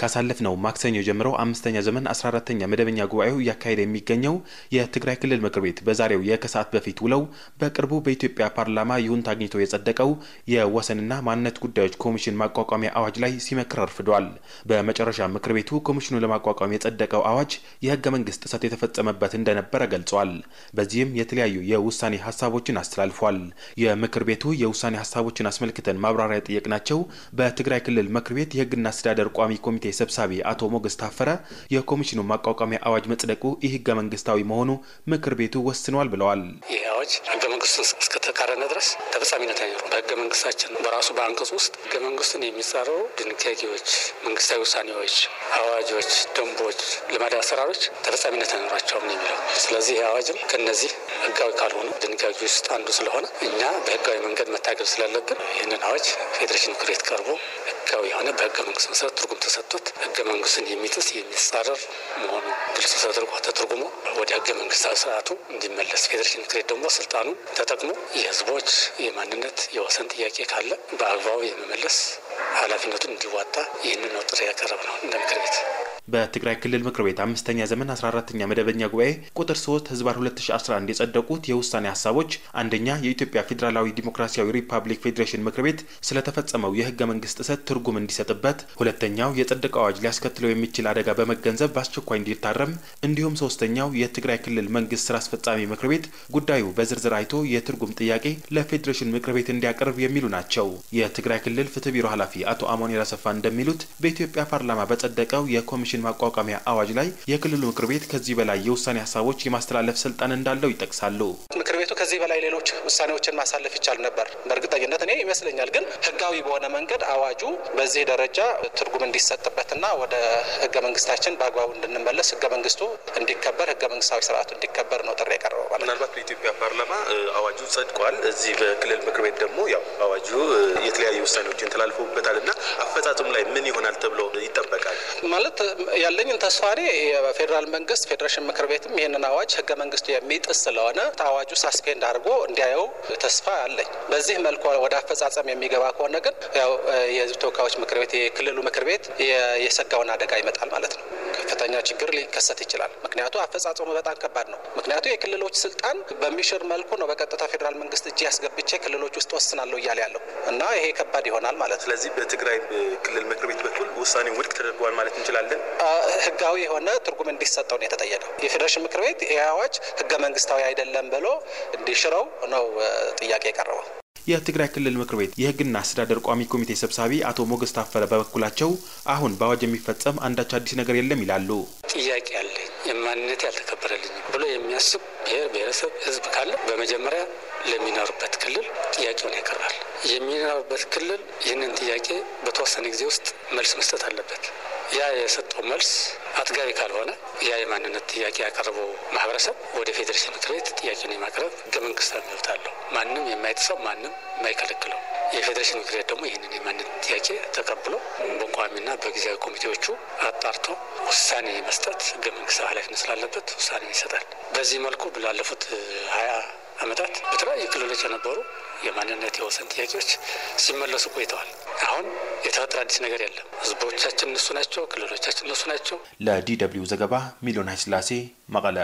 ካሳለፍ ነው ማክሰኞ ጀምሮ አምስተኛ ዘመን 14ተኛ መደበኛ ጉባኤው እያካሄደ የሚገኘው የትግራይ ክልል ምክር ቤት በዛሬው የከሰዓት በፊት ውለው በቅርቡ በኢትዮጵያ ፓርላማ ይሁንታ አግኝቶ የጸደቀው የወሰንና ማንነት ጉዳዮች ኮሚሽን ማቋቋሚያ አዋጅ ላይ ሲመክር አርፍዷል። በመጨረሻ ምክር ቤቱ ኮሚሽኑ ለማቋቋም የጸደቀው አዋጅ የህገ መንግስት ጥሰት የተፈጸመበት እንደነበረ ገልጿል። በዚህም የተለያዩ የውሳኔ ሀሳቦችን አስተላልፏል። የምክር ቤቱ የውሳኔ ሀሳቦችን አስመልክተን ማብራሪያ ናቸው። በትግራይ ክልል ምክር ቤት የህግና አስተዳደር ቋሚ ኮሚቴ ኮሚቴ ሰብሳቢ አቶ ሞገስ ታፈረ የኮሚሽኑ ማቋቋሚያ አዋጅ መጽደቁ ይህ ህገ መንግስታዊ መሆኑ ምክር ቤቱ ወስኗል ብለዋል። ይህ አዋጅ ህገ መንግስቱን እስከተቃረነ ድረስ ተፈጻሚነት አይኖሩ። በህገ መንግስታችን በራሱ በአንቀጽ ውስጥ ህገ መንግስቱን የሚጻረሩ ድንጋጌዎች፣ መንግስታዊ ውሳኔዎች፣ አዋጆች፣ ደንቦች፣ ልማድ አሰራሮች ተፈጻሚነት አይኖራቸውም የሚለው ስለዚህ ይህ አዋጅም ከነዚህ ህጋዊ ካልሆኑ ድንጋጌ ውስጥ አንዱ ስለሆነ እኛ በህጋዊ መንገድ መታገል ስላለብን ይህንን አዋጅ ፌዴሬሽን ምክር ቤት ቀርቦ ሕጋዊ የሆነ በህገ መንግስት መሰረት ትርጉም ተሰጥቶት ህገ መንግስትን የሚጥስ የሚጻረር መሆኑ ግልጽ ተደርጎ ተተርጉሞ ወደ ህገ መንግስት ስርዓቱ እንዲመለስ ፌዴሬሽን ምክር ቤት ደግሞ ስልጣኑ ተጠቅሞ የህዝቦች የማንነት የወሰን ጥያቄ ካለ በአግባቡ የመመለስ ኃላፊነቱን እንዲዋጣ ይህንን ነው ጥሪ ያቀረብ ነው እንደ ምክር ቤት በትግራይ ክልል ምክር ቤት አምስተኛ ዘመን 14ኛ መደበኛ ጉባኤ ቁጥር 3 ህዝባር 2011 የጸደቁት የውሳኔ ሀሳቦች አንደኛ የኢትዮጵያ ፌዴራላዊ ዲሞክራሲያዊ ሪፐብሊክ ፌዴሬሽን ምክር ቤት ስለተፈጸመው የህገ መንግስት ጥሰት ትርጉም እንዲሰጥበት፣ ሁለተኛው የጽድቅ አዋጅ ሊያስከትለው የሚችል አደጋ በመገንዘብ በአስቸኳይ እንዲታረም፣ እንዲሁም ሶስተኛው የትግራይ ክልል መንግስት ስራ አስፈጻሚ ምክር ቤት ጉዳዩ በዝርዝር አይቶ የትርጉም ጥያቄ ለፌዴሬሽን ምክር ቤት እንዲያቀርብ የሚሉ ናቸው። የትግራይ ክልል ፍትህ ቢሮ ኃላፊ አቶ አሞኔ ራሰፋ እንደሚሉት በኢትዮጵያ ፓርላማ በጸደቀው የኮሚሽን ኮሚሽን ማቋቋሚያ አዋጅ ላይ የክልሉ ምክር ቤት ከዚህ በላይ የውሳኔ ሀሳቦች የማስተላለፍ ስልጣን እንዳለው ይጠቅሳሉ። ምክር ቤቱ ከዚህ በላይ ሌሎች ውሳኔዎችን ማሳለፍ ይቻል ነበር። በእርግጠኝነት እኔ ይመስለኛል። ግን ህጋዊ በሆነ መንገድ አዋጁ በዚህ ደረጃ ትርጉም እንዲሰጥበትና ወደ ህገ መንግስታችን በአግባቡ እንድንመለስ ህገ መንግስቱ እንዲከበር ህገ መንግስታዊ ስርአቱ እንዲከበር ነው ጥሪ የቀረበው። ማለት ምናልባት በኢትዮጵያ ፓርላማ አዋጁ ጸድቋል። እዚህ በክልል ምክር ቤት ደግሞ ያው አዋጁ የተለያዩ ውሳኔዎችን ተላልፎበታል እና አፈጻጽሙ ላይ ምን ይሆናል ተብሎ ይጠበቃል ማለት ያለኝን ተስፋ እኔ የፌዴራል መንግስት ፌዴሬሽን ምክር ቤትም ይህንን አዋጅ ህገ መንግስቱ የሚጥስ ስለሆነ አዋጁ ሳስፔንድ አድርጎ እንዲያየው ተስፋ አለኝ። በዚህ መልኩ ወደ አፈጻጸም የሚገባ ከሆነ ግን ያው የህዝብ ተወካዮች ምክር ቤት የክልሉ ምክር ቤት የሰጋውን አደጋ ይመጣል ማለት ነው። ከፍተኛ ችግር ሊከሰት ይችላል። ምክንያቱ አፈጻጸሙ በጣም ከባድ ነው። ምክንያቱ የክልሎች ስልጣን በሚሽር መልኩ ነው በቀጥታ መንግስት እጅ ያስገብቼ ክልሎች ውስጥ ወስናለሁ እያለ ያለው እና ይሄ ከባድ ይሆናል ማለት። ስለዚህ በትግራይ ክልል ምክር ቤት በኩል ውሳኔ ውድቅ ተደርጓል ማለት እንችላለን። ህጋዊ የሆነ ትርጉም እንዲሰጠው ነው የተጠየቀው። የፌዴሬሽን ምክር ቤት ይህ አዋጅ ህገ መንግስታዊ አይደለም ብሎ እንዲሽረው ነው ጥያቄ የቀረበው። የትግራይ ክልል ምክር ቤት የህግና አስተዳደር ቋሚ ኮሚቴ ሰብሳቢ አቶ ሞገስ ታፈረ በበኩላቸው አሁን በአዋጅ የሚፈጸም አንዳች አዲስ ነገር የለም ይላሉ። ጥያቄ አለ ማንነት ያልተከበረልኝ ብሎ የሚያስብ ብሔር ብሔረሰብ ህዝብ ካለ በመጀመሪያ ለሚኖርበት ክልል ጥያቄውን ያቀርባል። የሚኖርበት ክልል ይህንን ጥያቄ በተወሰነ ጊዜ ውስጥ መልስ መስጠት አለበት። ያ የሰጠው መልስ አጥጋቢ ካልሆነ ያ የማንነት ጥያቄ ያቀረበው ማህበረሰብ ወደ ፌዴሬሽን ምክር ቤት ጥያቄን የማቅረብ ህገ መንግስታዊ መብት አለው። ማንም የማይጥሰው ማንም የማይከለክለው የፌዴሬሽን ምክር ቤት ደግሞ ይህንን የማንነት ጥያቄ ተቀብሎ በቋሚና በጊዜያዊ ኮሚቴዎቹ አጣርቶ ውሳኔ መስጠት ህገ መንግስታዊ ኃላፊነት ስላለበት ውሳኔ ይሰጣል። በዚህ መልኩ ላለፉት ሀያ አመታት በተለያዩ ክልሎች የነበሩ የማንነት የወሰን ጥያቄዎች ሲመለሱ ቆይተዋል። የሚያጠራጥር አዲስ ነገር የለም። ህዝቦቻችን እነሱ ናቸው፣ ክልሎቻችን እነሱ ናቸው። ለዲ ደብልዩ ዘገባ ሚሊዮን ኃይለሥላሴ መቀለ